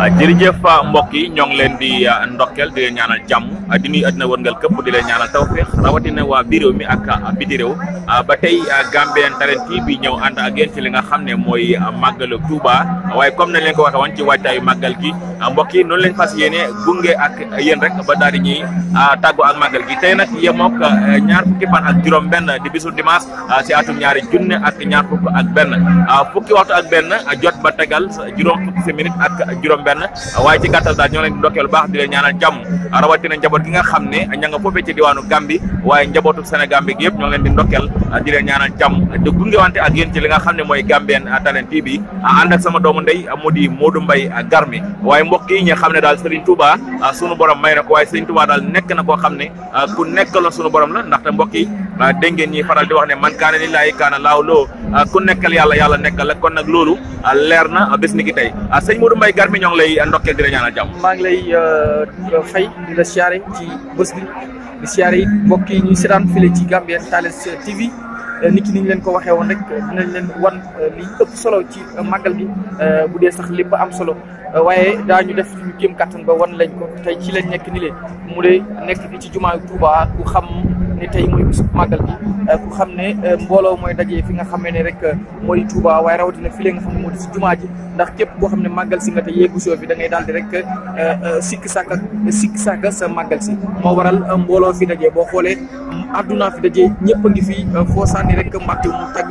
Ah, jërëjëf ah, mbokk yi ñoo ngi leen di ah, ndokkel di leen ñaanal jàmm di nuyu àddina wërngal di leen ñaanal tawféex rawatina waa biir réew mi ak biti réew ba tey Gambian talent TV bi ñëw ànd ak yéen ci li nga xam ne mooy Touba waaye comme nañ leen ko waxee woon ci waajtaayu màggal gi mbokk yi noonu lañ fas yéene gunge ak yéen rek ba daal di ñuy ak màggal gi tey nag yemook ñaar fukki fan ak juróom benn di bisu dimanche si atum ñaari junne ak ñaar fukk ak benn fukki waxtu ak benn jot ba tegal juróom fukki minute ak juroom ben way ci gattal daal ñoo leen ndokkeel baax di leen ñaanal rawati rawatina njaboot gi nga xamne ne ña nga fofé ci diwanu gambi waaye njabotu senegal bi yépp ñoo leen di dokkel di leen ñaanal jamm de gungé wante ak yeen ci li nga xamne moy gambien talent tv and ak sama doomu ndey modi di moodu mbay garmi waaye mbokk yi ñi xamne dal serigne touba suñu borom may na ko waaye serigne touba dal nek na ko xamne ku nek la suñu borom la ta mbokk yi dégg ngeen ñi faral di wax ne man kana lillahi kana lawlo ku nekkal yalla yalla nekkal kon nak lolu leer na ni ki tay serigne modou mbay garmi mi ñong lay ndokkee di la jam ma ngi lay euh fay di la siyaare ci bëss bi di siyaare it mbokk yi ñuy seetaan file ci Gambian talent TV euh, nit ki ñu leen ko waxé won rek dinañ leen wan euh, li ëpp solo ci euh, magal bi euh bu dé sax lépp am solo waaye daañu def ñu jéem katan ba wan lañ ko tay ci lañ nekk ni le mu dee nekk ci juma Touba ku xam ne tey mooy bisub màggal gi euh, ku xam ne euh, mbooloo mooy dajee fi nga xam ne rek euh, mooy Touba waaye rawatina fi lee nga xam ne moo di si jumaa ji ndax képp koo xam ne màggal si nga te yeggu soo fi da ngay daal di rek sikki sàkka sikki sàkka sa màggal si moo waral mbooloo fi dajee boo xoolee àdduna fi dajee ñëpp a ngi fi euh, foo sànni rek Mbàkke mu tagg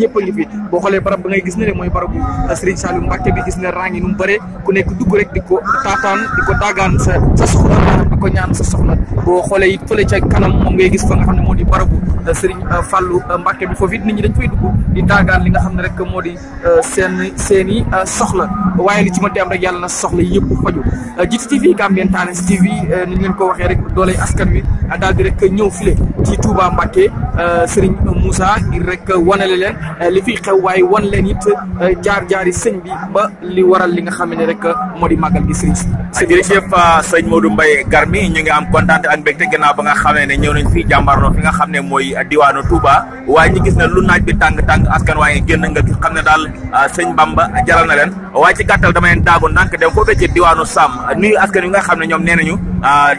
ñëpp ngi fi boo xoolee barab ba ngay gis ne de mooy barabu euh, Serigne Saliou Mbàkke bi gis ne rangi nu mu bëree ku nekk dugg rek ko taataan di ko daagaan sa sa soxla di ko ñaan sa xoolee it fële ca kanam moom gis fa nga ne moo di barabu euh, Serigne Fallou Mbàkke bi foofu it nit ñi dañ fay dugg di daagaan li nga xam ne rek moo di seen seen i soxla waaye li ci mën te am rek yàlla na soxla yëpp faju Djity TV Gambian Talents TV ni ñu leen ko waxee rek doolay askan wi daal di rek ñëw file ci Touba Mbacké euh, sëriñ Moussa ngir rek wanale leen euh, li fi xew waaye wan leen it euh, jaar-jaari sëñ bi ba li waral li nga xam ne rek moo di màggal gi sëriñ si. Ah, jërëjëf ah, sëñ Modou Mbaye Garmi ñu ngi am kontaan ak mbégte gannaaw ba nga xamee ne ñëw nañ fii jàmbarloo fi nga xam ne mooy diwaanu Touba waaye ñu gis ne lu naaj bi tàng-tàng askan waaye génn nga xam ne daal ah, sëñ Bamba jaral na leen waaye ci gàttal dama leen daagu ndànk dem foofu ci diwaanu Sam nuyu askan yi nga xam ne ñoom nee nañu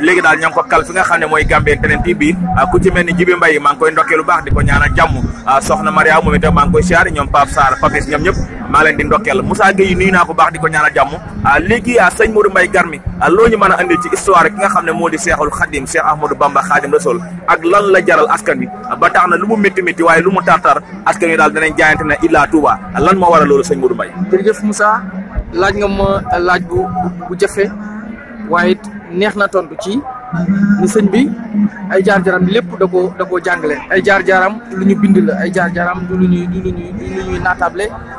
léegi daal ñoo ngi ko kal fi nga xam ne mooy Gambian Talents TV ku ci mel ni Jibi Mbaye maa ngi koy ndokkee lu baax di ko ñaanal jàmm ah, soxna Maria moom itam maa ngi koy siyaar ñoom Pape Sarr Papis ñoom ñëpp maa leen di ndokkeel Moussa Gueye nuyu naa ko baax di ko ñaanal jàmm ah, léegi ah, sëñ Modou Mbaye Garmi loo ñu a andil ci histoire ki nga xam ne moo di Seexul Xadim Cheikh Ahmadou Bamba Xadim Rasul ak lan la jaral askan bi ba tax na lu mu métti métti waaye lu mu tartar askan wi daal danañ jaayante lan moo waral loolu sëñ Modou Mbaye jërëjëf Moussa laaj nga ma laaj bu bu jafe waaye neex na tontu ci mu sëñ bi ay jaar jaaram lépp da koo da koo jàngale ay jaar jaaram lu ñu bind la ay jaar jaaram du lu ñuy du lu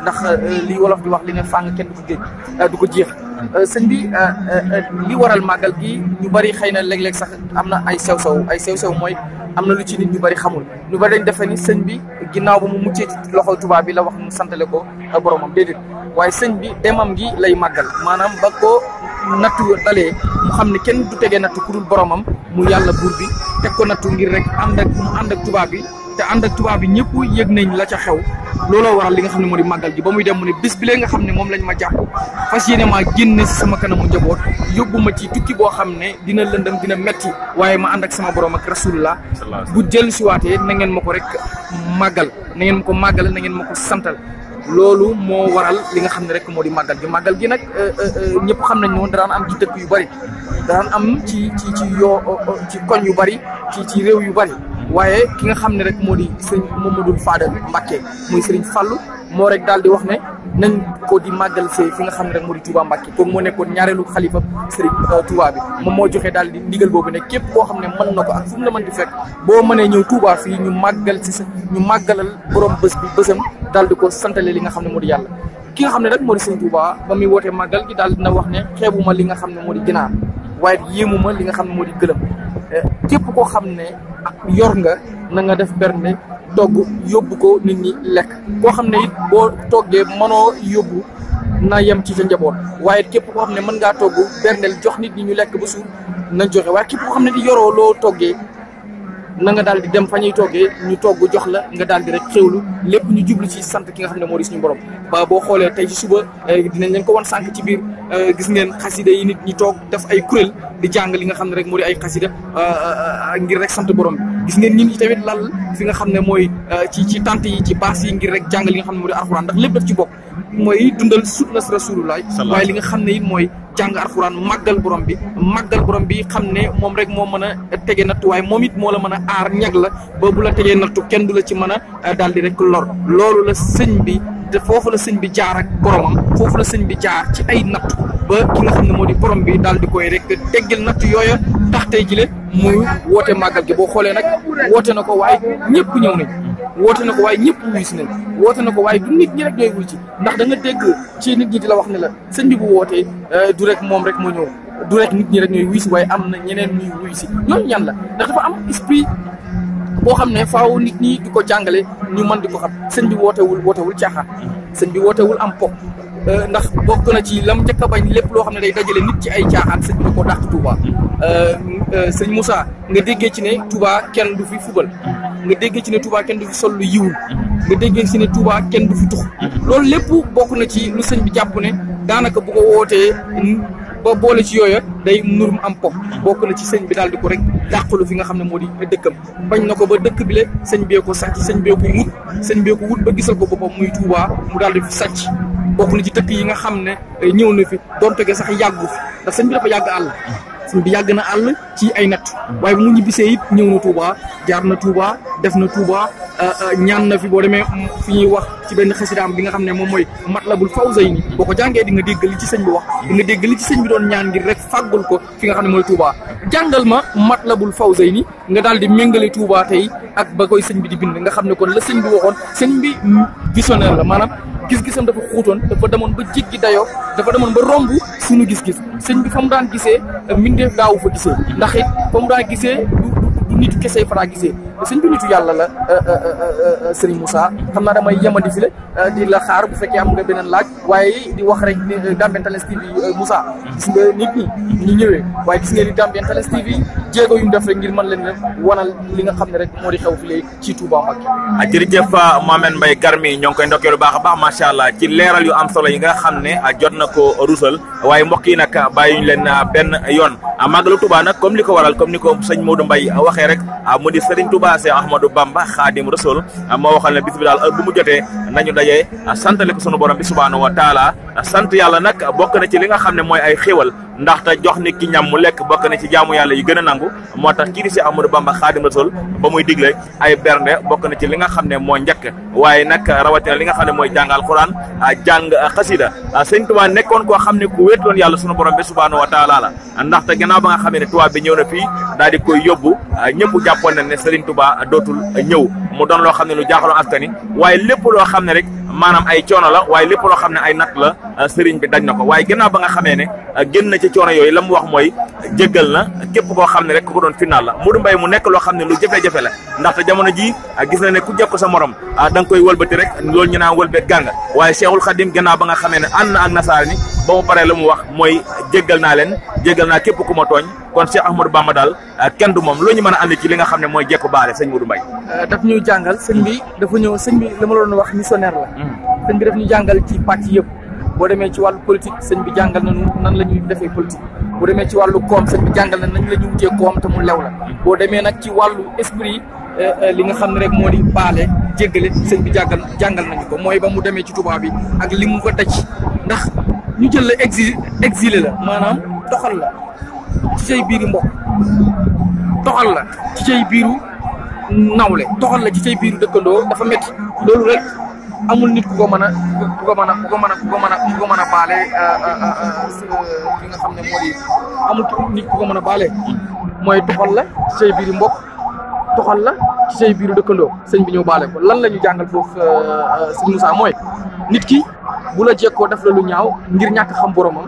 ndax euh, li wolof di wax li ne fàng kenn du ko géej euh, du ko jeex euh, sëñ bi li waral màggal gi ñu bari xëy na léeg-léeg sax am na ay sew sew ay sew sew mooy am na lu ci nit ñu bari xamul ñu bari dañ defe ni sëñ bi ginnaaw ba mu muccee ci loxo tubaab bi la wax mu santale ko boromam déedéet waaye sëñ bi demam gi lay màggal maanaam ba ko nattu dalee mu xam ne kenn du tegee nattu ku dul boromam mu yàlla buur bi teg ko nattu ngir rek ànd ak mu ànd ak tubaab bi te ànd ak tubaab bi ñëpp yëg nañ la ca xew looloo waral li nga xam ne moo di màggal ji ba muy dem mu ne bis bi lee nga xam ne moom lañ ma jàpp fas yéene maa génne si sama kanamu njaboot yóbbu ma ci tukki boo xam ne dina lëndëm dina metti waaye ma ànd ak sama borom ak rasulullah bu jël si waatee na ngeen ma ko rek màggal na ngeen ko màggal na ngeen ma santal loolu moo waral li nga xam ne rek moo di màggal gi màggal gi nag euh, euh, euh, ñëpp xam nañ noonu daan am ci dëkk yu bari daan am ci ci ci yoo ci koñ yu bari ci ci réew yu bari waaye ki nga xam ne rek moo di sëñ Mamadou Fadel Mbacké muy sëriñ Fallou moo rek daal di wax ne nañ ko di màggal see fi nga xam ne rek moo di Touba Mbacke kooku moo nekkoon ñaareelu xalifa Serigne euh, Touba bi moom moo joxee daal di ndigal boobu ne képp koo xam ne mën na ko ak fu mu la mën di fekk boo mënee ñëw Touba fii ñu màggal si sa ñu màggalal borom bés bi bésam daal di ko santale li nga xam ne moo di yàlla ki nga xam ne rek moo di Serigne Touba ba muy wootee màggal gi daal dina wax ne xeebuma li nga xam ne moo di ginaar waaye yéemuma li nga xam ne moo di gëlëm euh, képp koo xam ne yor nga na nga def berne togg yóbbu ko nit ñi lekk koo xam ne it boo toggee mënoo yóbbu na yem ci sa njaboot waaye képp koo xam ne mën ngaa togg berndeel jox nit ñi ñu lekk ba suur nañ joxe waaye képp koo xam ne di yoroo loo toggee na nga daal di dem fa ñuy toggee ñu togg jox la nga daal di rek xéwlu lépp ñu jublu ci sant ki nga xam ne moo di suñu borom ba boo xoolee tey ci suba eh, dinañ leen ko wan sànq ci biir eh, gis ngeen xasida yi nit ñi toog def ay kurél di jàng li nga xam ne rek moo di ay xasida euh, euh, ngir rek sant borom bi gis ngeen ñun ñi tamit lal fi nga xam ne mooy euh, ci ci tant yi ci baas yi ngir rek jàng li nga xam ne moo di alxuraan ndax lépp daf ci bokk mooy dundal sunnas rasulullah waaye li nga xam ne it mooy jàng alxuraan màggal borom bi màggal borom bi xam ne moom rek moo mën a tege nattu waaye moom it moo la mën a aar ñag la ba bu la tegee nattu kenn du la ci mën a daal di rek lor loolu la sëñ bi te foofu la sëñ bi jaar ak boromam foofu la sëñ bi jaar ci ay natt ba ki nga xam ne moo di porom bi daal di koy rek teggil natt yooya tax tey jile muy woote màggal gi boo xoolee nag woote na ko waaye ñëpp ñëw nañ woote na ko waaye ñëpp wuyu si nañ woote na ko waaye du nit ñi rek ñooy wul ci ndax da nga dégg ci nit ñi di la ne la sëñ bi bu wootee euh, du moom rek ñëw du nit ñi rek ñooy wuyu si waaye am na ñeneen ñuy wuyu si ñan la ndax dafa am esprit boo xam ne faaw nit ñi di ko jàngale ñu mën di ko xam sëñ bi wootewul wootewul caaxaan sëñ bi wootewul am po euh, ndax bokk na ci lam njëkk a bañ lépp loo xam ne day dajale nit ci ay caaxaan sëñ bi da ko dàq Touba euh, euh, sëñ Moussa nga déggee ci ne Touba kenn du fi fubal nga déggee ci ne Touba kenn du fi sol lu yiwul nga déggee ci ne Touba kenn du fi tux loolu lépp bokk na ci lu sëñ bi jàpp ne daanaka bu ko wootee boo boole ci yooya day nur am po bokk na ci sëñ bi daal di ko rek dàqalu fi nga xam ne moo di dëkkam bañ na ko ba dëkk bi le sëñ bee ko sàcc sëñ bee ko wut sëñ bee ko wut ba gisal ko muy Tuubaa mu daal di fi sàcc bokk na ci tëkk yi nga xam ne eh, ñëw na fi donte ge sax yàggu fi ndax sëñ bi dafa yàgg àll sëñ bi yàgg na àll ci ay natt mm. waaye bu mu ñibbisee it ñëw na Tuubaa jaar na Tuubaa def na Tuubaa ñaan na fi boo demee fi ñuy wax ci benn xasidaam bi nga xam ne moom mooy matlabul fawzayni boo ko jàngee di nga dégg li ci sëñ bi wax di nga dégg ci sëñ bi doon ñaan ngir rek fàggul ko fi nga xam ne mooy Touba jàngal ma matlabul fawzayni nga daal di méngale tuubaa tey ak ba koy sëñ bi di bind nga xam ne kon la sëñ bi waxoon sëñ bi visionnaire la maanaam gis-gisam dafa xuutoon dafa demoon ba jéggi dayoo dafa demoon ba romb suñu gis-gis sëñ bi fa mu daan gisee mbindeef daawu fa gisee ndax it fa mu daan gisee du nit kese fa daa sëñ bi nitu yàlla la euh, euh, euh, sëriñ Moussa xam naa damay yemandi fi la di la xaar bu fekkee am nga beneen laaj waaye di wax rek ne Gambian Talents TV Moussa gis nga nit ñi ñu ñëwee waaye gis nga ni Gambian Talents TV jéego yu mu def rek ngir mën leen wanal li nga xam ne rek moo di xew fi léegi ci Touba Mbacké ah jërëjëf Mohamed Mbaye Garmi ñoo koy ndokkee lu baax a baax macha allah ci leeral yu am solo yi nga xam ne ah, jot na ko rusal waaye mbokk yi nag ah, bàyyiñu leen ah, benn yoon màggalu Touba nag comme li waral comme ni ko Modou Mbaye waxee rek mu di Touba Cheikh Ahmadou Bamba Khadim Rasul moo waxal ne bis bi daal heure bu mu jotee nañu dajee santale ko sunu borom bi subhaanahu wa taala yàlla nag bokk na ci li nga xam ne mooy ay xéwal ta jox nit ki ñam mu lek bokk na ci jaamu yalla yu gëna nangu motax ki di si amadou bamba khadim rasoul ba muy diglé ay bernde bokk na ci li nga xam mo moo waye nak rawati li nga xam moy mooy jàng alquran jàng xasida sëñ tuba nekkoon koo xam ku wéetoon yalla sunu borom be subhanahu wa taala la ta gannaaw ba nga xamee touba bi ñëw na fi daal di koy yobbu ñepp jappon na ne seigne touba dotul ñëw mu doon lo xam lu jaaxaloon askani waye lepp lo xam rek manam ay coono la waye lepp lo xam ay nat la sëriñ bi dañ nako waye waaye ba nga xamee ne na ci ci coono yooyu la mu wax mooy jéggal na képp koo xam ne rek ku ko doon final la Modou mbay mu nekk loo xam ne lu jafe-jafe la ndaxte jamono jii ah, gis na ne ku jekk sa morom ah, danga koy wëlbati rek loolu ñu naan wëlbeet gànga waaye Cheikhul Khadim gannaaw ba nga xamee ne ànd na ak nasaara ni ba mu paree la mu wax mooy jéggal naa leen jéggal naa képp ku ma tooñ kon a Cheikh Ahmadou ma daal ah, kenn du moom loo ñu mën a andi ci li nga xam ne mooy jekku baale sëñ Modou Mbaye euh, daf ñuy jàngal sëñ bi dafa ñëw sëñ bi li ma la doon wax missionnaire la hmm. sëñ bi daf ñu jàngal ci pàcc yëpp boo demee ci wàllu politique sëñ bi jàngal nañu nan la ñuy defee politique boo demee ci wàllu koom sëñ bi jàngal na nañ la ñu wutee koom te mu lew la boo demee nag ci wàllu esprit eh, eh, li nga xam ne rek moo di baale jéggale sëñ bi jàngal jàngal nañu ko mooy ba mu demee ci tubaab bi ak li mu ko daj ndax ñu jël la exi exilé la maanaam doxal la ci say biiru mbokk doxal la ci say biiru nawle doxal la ci say biiru dëkkandoo dafa métti loolu rek amul nit ku ko mën a ku ko mën a ku ko mën a ku ko mën a ku ko mën baale euh, euh, euh, amul nit ku ko mën a baale mooy toxal la ci say biir mbokk toxal la ci say biiru dëkkandoo sëñ bi ñëw baale ko lan lañu ñu jàngal foofu mooy nit ki bu la jekkoo def la lu ñaaw ngir ñàkk xam boromam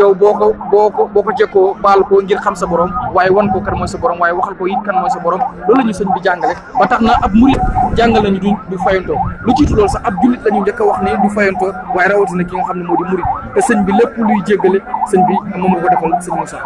yow boo ko boo ko boo ko jekkoo baal ko ngir xam sa borom waaye wan ko kan mooy sa borom waaye waxal ko it kan mooy sa borom loolu la ñu sëñ bi jàngale ba tax na ab murit jàngal nañu du du fayantoo lu jiitu loolu sax ab jullit la ñu njëkk wax ne du fayantoo waaye rawatina ki nga xam ne moo di murit te sëñ bi lépp luy jéggale sëñ bi moom la ko defal sëñ Moussa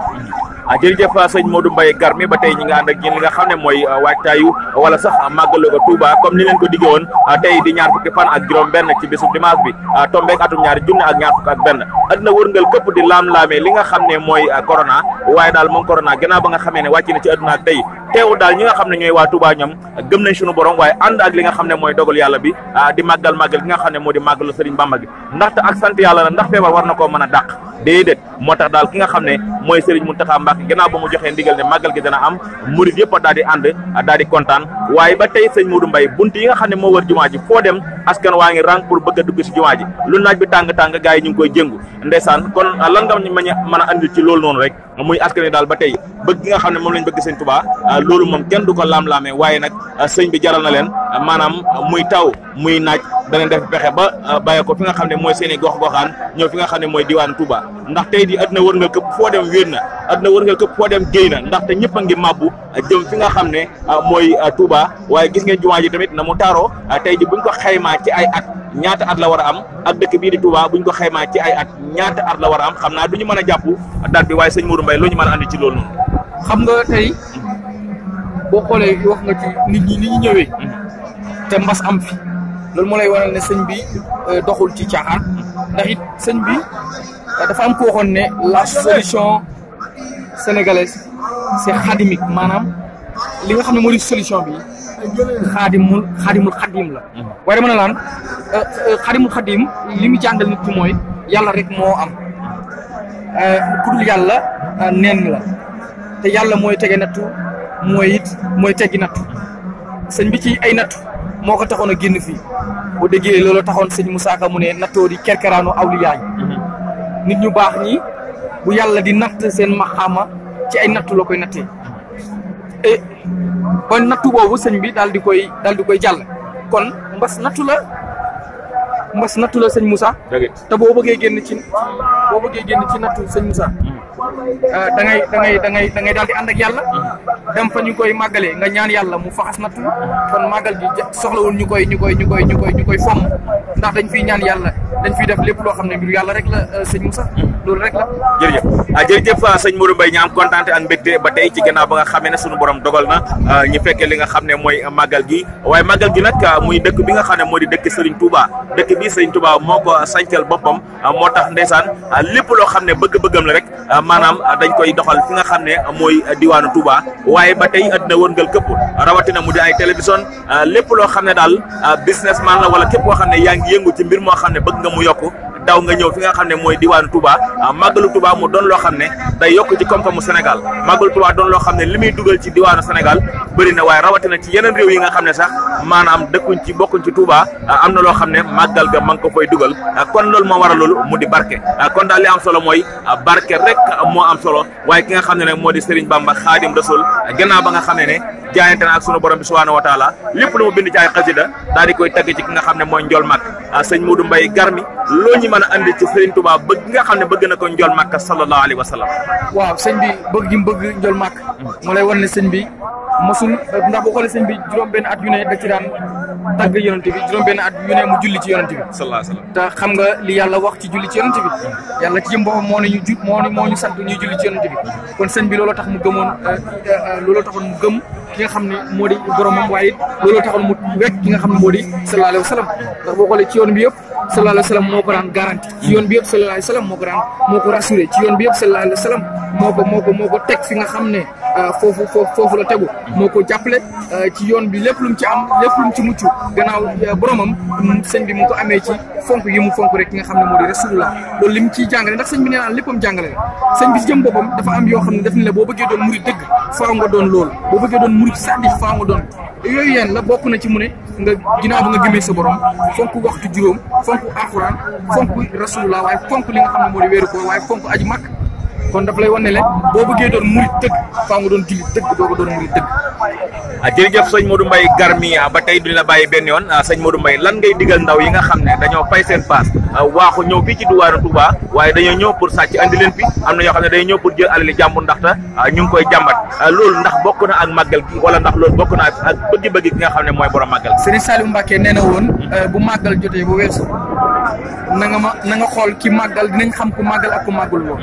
Ah, jërëjëf ah, sëñ Modou gar mi ba tey ñi nga ànd ak yéen li nga xam ne mooy ah, waajtaayu wala sax màggalu ko Touba comme ni leen ko diggee woon tey di ñaar fukki fan ak juróom benn ci bésu dimanche bi tombeek atum ñaari junne ak ñaar fukk ak benn adduna wërngal këpp di laam-laamee li nga xam ne mooy corona waaye daal moom corona gannaaw ba nga xamee ne wàcc na ci adduna ak tey teewul daal ñi nga xam ne ñooy waa Touba ñoom gëm nañ suñu borom waaye ànd ak li nga xam ne mooy dogal yàlla bi di màggal màggal gi nga xam ne moo di màggalu Sëriñ Bamba gi ndaxte ak sant yàlla la ndax feebar war na koo mën a dàq déedéet moo tax daal ki nga xam ne mooy Serigne Mountakha Mbacké gannaaw ba mu joxee ndigal ne màggal gi dana am murid yëpp a daal ànd daal di kontaan waaye ba tey sëñ Modou mbay bunt yi nga xam ne moo wër jumaa ji foo dem askan waa ngi rang pour bëgg a dugg si jumaa ji lu naaj bi tàng-tàng gaa yi ñu ngi koy jëngu ndeysaan kon lan nga mañ mën a andil ci loolu noonu rek muy askan yi daal ba tey bëgg nga xam ne moom lañ bëgg sëñ Touba loolu moom kenn du ko laam-laamee waaye nag sëñ bi jaral na leen maanaam muy taw muy naaj danañ def pexe ba bàyyi ko fi nga xam ne mooy seen i gox goxaan ñëw fi nga xam ne mooy diwaan Touba ndax tey di àdduna wërngal këpp foo dem wér na àdduna wërngal këpp foo dem géy na ndaxte ñëpp a ngi màbbu jëm fi nga xam ne mooy Touba waaye gis ngeen jumaa ji tamit na mu taaroo tey ji buñ ko xaymaa ci ay at ñaata at la war a am ak dëkk bii di bu buñ ko xaymaa ci ay at ñaat at la war a am xam naa du ñu mën a jàpp date bi waaye sëñ Mourou Mbaye loo ñu mën a andi ci loolu xam nga tey boo xoolee wax nga ci nit ñi ni ñu ñëwee te mbas am fi loolu moo lay waral ne sëñ bi euh, doxul ci caaxaan ndax sëñ bi dafa am ko waxoon ne la solution sénégalaise c'est xadimique maanaam li nga xam ne moo di solution bi xaadimul xaadimul xadim la mhm. waaye ma na laan xaadimul euh, euh, xadim li mu jàngal nit ki mooy yàlla rek moo am euh, ku dul yàlla neen la te yàlla mooy tege nattu mooy it mooy teggi nattu sëñ bi ci ay nattu moo ko taxoon a génn fii bu déggee loolu taxoon sëñ Moussa Ka mu ne nattoo di kerkeraanu awliyaay nit ñu baax ñi bu yàlla di natt seen maxaama ci ay nattu la koy nattee et eh, ba nattu boobu sëñ bi daal di koy daal di koy jàll kon mbas nattu mbas nattu la sëñ Moussa. te boo bëggee génn ci boo bëggee génn ci nattu sëñ Moussa. Hmm. Ah, da ngay da da ngay da ngay daal di ànd ak yàlla. dem fa ñu koy màggalee nga ñaan yàlla mu faxas nattu kon màggal gi soxlawul ñu koy ñu koy ñu koy ñu ñu koy fomm ndax dañ fiy ñaan yàlla dañ fiy def lépp loo xam ne mbiru yàlla rek la euh, sëñ Moussa. Hmm. loolu rek la jërëjëf ah jërëjëf ah, sëñ Modou Mbaye ñu am kontaante ak mbégte ba tey ci gannaaw ba nga xamee ne suñu borom dogal na ah, ñu fekkee li nga xam ne mooy màggal gi waaye màggal gi nag ah, muy dëkk bi nga xam ne moo di dëkk Serigne Touba dëkk bi Serigne Touba moo ko sañcal boppam moo tax ndeysaan lépp loo xam ne bëgg-bëggam la rek maanaam dañ koy doxal fi nga xam ne mooy diwaanu Touba waaye ba tey àddina wërngal këpp rawatina mu di ay télévision lépp loo xam ne daal businessman la wala képp koo xam ne yaa ngi yëngu ci mbir moo xam ne bëgg nga mu yokk daw nga ñëw fi nga xam ne mooy diwaanu Touba ah, màggalu Touba mu doon loo xam ne day yokk ci koom-koomu Sénégal màggalu Touba doon loo xam ne li muy dugal ci diwaanu senegal bëri na waaye rawatina ci yeneen réew yi nga xam ne sax maanaam dëkkuñ ci bokkuñ ci tubaa Touba ah, am na loo xam ne màggal ga ma ko fay dugal ah, kon loolu moo waral loolu mu di barke kon daal li am solo mooy barke rek moo am solo waaye ki nga xam ne ne moo di Serigne Bamba Xaadim Rasul gannaaw ba nga xam ne ne jaayante na ak sunu borom bi subhaanahu wa taala lépp lu mu bind ci ay xasida daal di koy tagg ci ki nga xam ne mooy njol màkk ah, sëñ Modou Mbaye Garmi loo ñu mën a andi ci Serigne Touba bëgg nga xam ne bëgg na ko njol màkk sallallahu alayhi wa sallam waaw sëñ bi bëgg gi mu bëgg njol màkk mu lay wan ne sëñ bi mosul ndax bu xoolee sëñ bi juróom benn at yu ne da ci daan tàgg yonent bi juróom benn at yu ne mu julli ci yonent bi sallallahu wa sallam te xam nga li yàlla wax ci julli ci bi yàlla ci jëm boppam moo ne ñu ju moo moo ñu sant ñuy julli ci yonent bi kon sëñ bi loolu tax ki nga xam ne moo di boromam waaye it looloo mu wekk nga xam ne moo di sallallahu alayhi wa boo bi yëpp sallallahu alayhi wa sallam moo ko daan ci yoon bi yëpp sallallahu alayhi moo ko daan moo ko rassuré ci yoon bi yëpp sallallahu alayhi wa sallam moo ko moo ko moo ko teg fi nga xam ne euh, foofu foofu foofu la tegu moo ko jàppale euh, ci yoon bi lépp lu ci am lépp lu ci mucc ganaaw euh, boromam sëñ bi moo ko amee ci fonk yi mu fonk rek ki nga xam ne moo di rasulullah loolu li mu ciy jàngale ndax sëñ bi nee naan léppam jàngale la sëñ bi si jëm am yoo xam ne daf ne la boo bëggee doon murid doon loolu pour sànni faa nga yooyu yéen la bokk na ci mu ne nga ginnaaw bi nga gëmee sa borom fonk waxtu juróom fonk alxuraan fonk rasulullah waaye fonk li nga xam ne moo di wéeru ko waaye fonk aji màkk kon daf lay wan ne leen boo bëggee doon murit dëgg faa nga doon jullit dëgg doo ko doon murit dëgg. ah jërëjëf sëñ Modou Mbaye Garmia ah, ba tey duñu la bàyyi benn yoon ah, sëñ Modou mbay lan ngay digal ndaw yi nga xam ne dañoo fay seen paas ah, waaxu ñëw fii ci duwaaru Touba waaye dañoo ñëw pour sàcc andi leen fi am na yoo xam ne dañoo ñëw pour jël alali jàmbur ndaxte ñu ngi koy jàmbat loolu ndax bokk na ak màggal gi wala ndax loolu bokk na ak bëgg-bëgg ki nga xam ne mooy borom màggal. Serigne Saliou Mbacké nee na woon hmm. bu màggal jotee bu weesu na nga ma na nga xool ki màggal dinañ xam ku màggal ak ku màggul woon.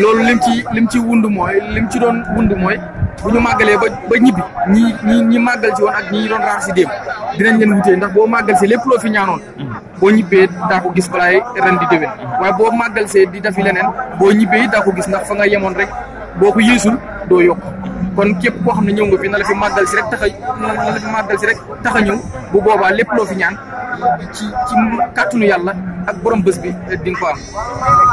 loolu lim ci lim ci wund mooy lim ci doon wund mooy bu ñu màggalee ba ba ñibbi ñi ñi ñi màggal woon ak ñi doon raar si démb dinañ leen wutee ndax boo màggal see lépp loo fi ñaanoon. boo ñibbee daa ko gis balaay ren di déwén. waaye boo màggal see di dafi leneen boo ñibbee daa ko gis ndax fa nga yemoon rek boo ko yéesul doo yokk. kon képp koo xam ne ñëw nga fi na la fi màggal si rek tax a na si rek tax a ñëw bu boobaa lépp loo fi ñaan ci ci kàttanu yàlla ak borom bés bi eh, di ko am.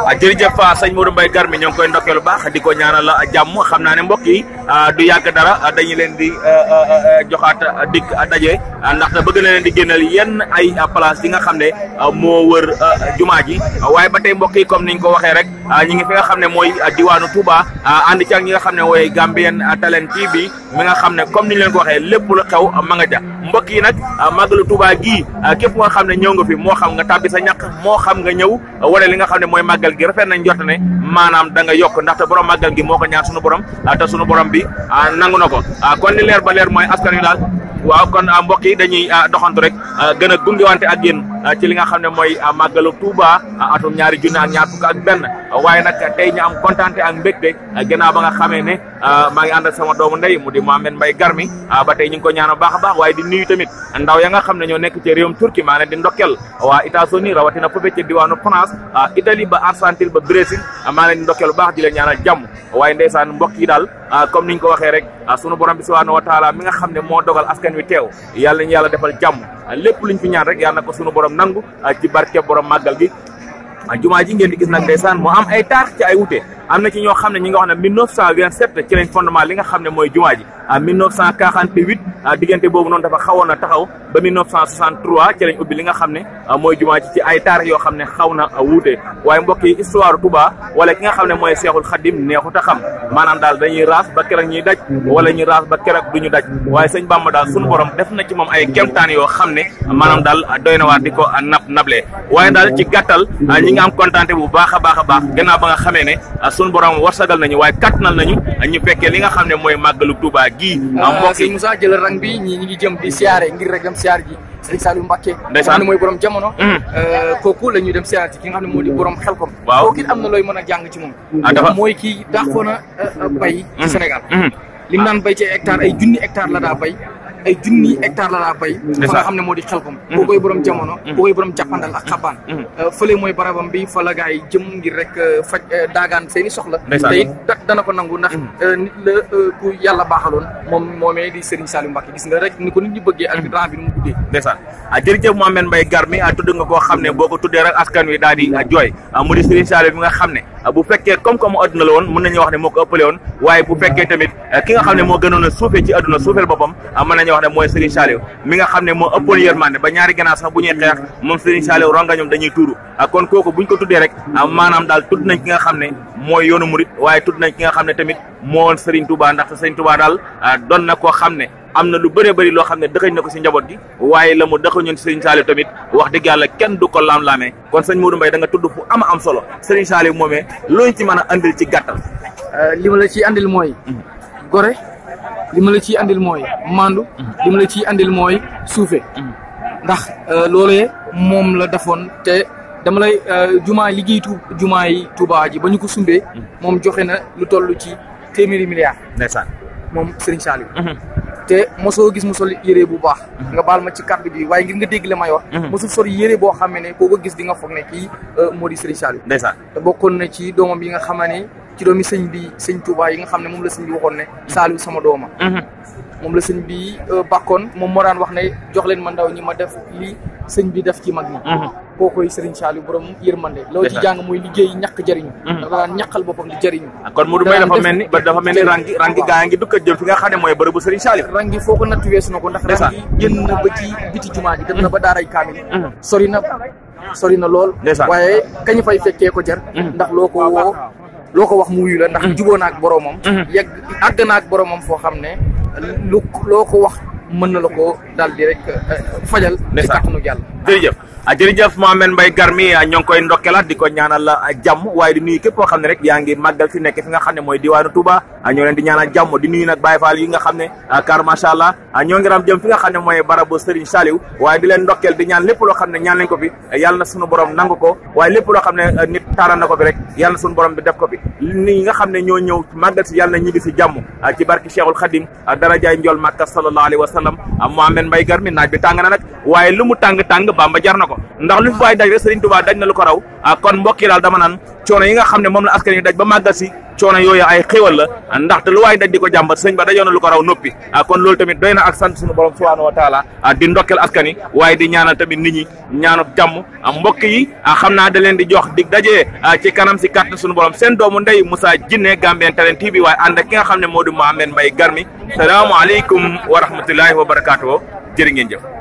ah jërëjëf ah, sëñ Modou Mbaye Garmi ñoo ngi koy ndokkee lu baax di ko la ñaanal ah, jàmm xam naa ne mbokk yi. Ah, du yag dara ah, dañu len di ah, joxata dik dajé ndax bëgg na len di gënal yenn ay place yi nga xamné mo wër jumaa ji waaye mbokk yi comme niñ ko waxé rek ñi ngi fi nga xamné moy diwanu Touba and ci ak ñi nga xamné way Gambian Talent TV mi nga xamné comme niñ len ko waxé lepp lu xew ma nga ja mbokk yi nak maglu Touba gi képp nga xamné ñëw nga fi mo xam nga tabbi sa ñak mo xam nga ñëw wala li nga xamné ne magal gi rafet nañ jot manam da nga yokk borom magal gi moko ñaar suñu borom ta suñu borom bi bi ah, nangu na ko ah, kon li leer ba leer mooy askan daal waaw kon ah, mbokk yi dañuy doxantu rek gën a gunge wante ak yéen Ah, ci li nga xam ne mooy ah, màggalu Touba ah, atum ñaari junne ak ñaar fukk ak benn waaye nag tey ñu am kontaante ak mbégte a ba nga xamee ne maa ngi ànd ak sama doomu ndey mu di Mohamed Mbaye Garmi ba tey ñu ngi ko ñaanal baax a baax waaye di tamit ndaw ya nga xam ne ñoo nekk ci réewum Turquie maa leen di ndokkel waa États-Unis rawatina foofu ci diwaanu France Italie ba Argentine ba Brésil maa leen di ndokkel baax di leen ñaanal jàmm waaye ndeysaan mbokk yi daal comme niñ ko waxee rek sunu borom bi subhanahu wa taala mi nga xam ne moo dogal askan wi teew yàlla ñu yàlla defal jàmm lépp luñ fi ñaan rek yàlla na ko suñu borom nangu ci barke borom màggal gi jumaa ji ngeen di gis nag saan moo am ay taar ci ay wute am na ci ñoo xam ne ñi nga wax ne 1927 ci lañ fondement li nga xam ne mooy jumaa ji ah, en 1948 ah, diggante boobu noonu dafa xawoon a taxaw ba 1963 ci lañ ubbi li nga xam ne ah, mooy jumaa ji ci ay taarix yoo xam ne xaw na wuute waaye mbokk yi histoire Touba wala ki nga xam ne mooy Seexul Xadim neexut a xam maanaam daal dañuy raas ba keroog ñuy daj wala ñuy raas ba waaye sëñ Bamba daal suñu borom def na ci moom ay kemtaan yoo xam ne maanaam daal doy na waar di ko nab nable waaye daal ci bu baax a baax a ba suñu borom warsagal nañu waaye kattanal nañu ñu fekkee li nga xam ne mooy màggalu Touba gii. Ah, mbokk yi Moussa jël rang bi ñi ñi ngi jëm di siyaare ngir rek dem siyaare ji Serigne Saliou Mbacké. ndeysaan mooy borom jamono. Mm. Euh, kooku la ñuy dem siyaare ji ki nga xam ne moo di borom xel kom. waaw kooku it am na looy mën a jàng ci moom. Ah, mooy kii dàqoon a bay. ci mm. Sénégal. Mm. li mu daan bay ci hectare ay junni hectare la daa bay. ay jinni hectare la la bay fa nga xamne modi moo di mm-hmm. koy borom jamono mm-hmm. koy borom jappandal ak xaban fele moy barabam bi fa la gay jëm ngir rek euh, faj euh, daagaan seeni soxla te it dana ko nangu ndax mm-hmm. euh, nit la ku yalla baxalon mom momé di Serigne salim Mbacke gis nga rek ni ko nit ñi bëgge ak ran bi mu guddee ndeysaan a ah, jërëjëf Mohamed Mbaye Garmi a ah, tuddu nga ko xamne boko tuddé rek askan wi daal di ah, jooy mu di Serigne salim bi nga xamne bu fekke comme comme aduna la won mën nañu wax ne moko ëppalé won waye bu fekke tamit ki nga xamne mo gënon na a ci aduna suufeel bopam amana ñu wax ne mooy Serigne Saliou mi moo ëppoon yërmande ba ñaari ganaar sax bu ñuy xeex moom Serigne Saliou rongañoom dañuy tuuru kon kooku buñ ko tuddee rek ah maanaam daal tudd nañ ki nga xam ne mooy yoonu murit waaye tudd nañ ki nga xam ne tamit moo woon Serigne Touba ndaxte Serigne Touba daal ah, doon na koo xam ne am na lu bëree bëri loo xam ne dëxëñ na ko si njaboot gi waaye la mu dëxëñoon Serigne Saliou tamit wax dëgg yàlla kenn du ko laam-laamee kon sañ Modou Mbaye da nga tudd fu ama am solo Serigne Saliou moomee looñ ci mën a andil ci gàttal euh, li ma la ci andil mooy mhm. gore lima andil moy mandu mhm. lima andil moy soufé mhm. ndax euh, lolé mom la dafon te dama lay euh, juma liggéey tu juma yi touba ji bañu ko sumbé mom mhm. joxé na lu tollu ci téeméeri milliards ndeysaan mom Serigne Saliou te moso gis mu sol yéré bu baax nga bal ma ci carte bi way ngir nga dégg lamay wax sol yéré bo xamné koko gis di nga ki ki modi Serigne Saliou ndeysaan te bokon na ci domam yi nga xamné ci doomi sëñ bi sëñ Touba yi nga xamne mom la sëñ bi waxoon ne mm-hmm. salu sama dooma mom mm-hmm. la sëñ bi euh, bàkkoon mom moo daan wax ne jox len ma ndaw ñi ma def li sëñ bi def ci magni ñi mm-hmm. kookoy sëriñ Saaliw borom yermande loolu ci jang moy liggey ñak jariñ da daan ñakal bopam di jariñ ah, kon mu du may dafa melni ba dafa melni rangi rangi gaangi ngi dukkat jël fi nga xamne moy mooy bërëbu sëriñ Saaliw rangi foko ko natt weesu na ndax rangi génn na ba ci biti juma ji dem na ba daaray kamil sori na sori na lol waye kañ fay fekke ko jar ndax loko wo loo ko wax mu wuyu la ndax mm-hmm. juboo naak boroomam mm-hmm. yegg àgg naak boroomam foo xam ne lu loo ko wax mën na la ko daal di rek euh, fajal ci kàttanu Yàlla jërëjëf ah jërëjëf Mohamed Mbaye Garmi ah, ñong koy ndokkelaat ah, di ñaanal ah, jamm waaye di nuyu képp ko xamne rek fi nekk fi nga xamne moy diwanu Touba ñoo leen di ñaanal jamm di nuyu nak Baye Fall yi nga xamne ne car macha allah ñoo ngi ram jëm fi nga xamne moy Barabo Serigne Saliw waaye di leen ndokkeel di ñaan lepp lo xamne ñaan nañ ko fi yalla na suñu borom nang ko waaye lepp lo xamne nit taaral nako fi rek yalla suñu borom bi def ko fi ni nga xamne ne ñoo ñëw màggal si yàlla na ñibbi jamm ci barki Cheikhul Khadim darajaay njool Makka sallallahu alaihi wasallam, Mohamed Mbaye Garmi naaj bi tangana na waaye lu mu tàng-tàng Bamba jar na ko ndax lu fi waay daj rek Serigne Touba daj na lu ko raw ah kon mbokk yi daal dama naan coono yi nga xam ne moom la askan yi daj ba màggal si coono yooyu ay xéwal la ndaxte lu waay daj di ko jàmbat sëñ ba dajoon na lu ko raw noppi ah kon loolu tamit doy na ak sant suñu borom subhaanahu wa taala ah di ndokkel askan yi waaye di ñaanal tamit nit ñi ñaanu jàmm a mbokk yi xam naa da leen di jox dig dajee ci kanam si kàttan suñu borom seen doomu ndey Moussa Jinne Gambian Talent waaye ànd ki nga xam ne moo di Mohamed Mbaye Garmi salaamaaleykum wa rahmatullahi wa barakaatu jërë ngeen jëf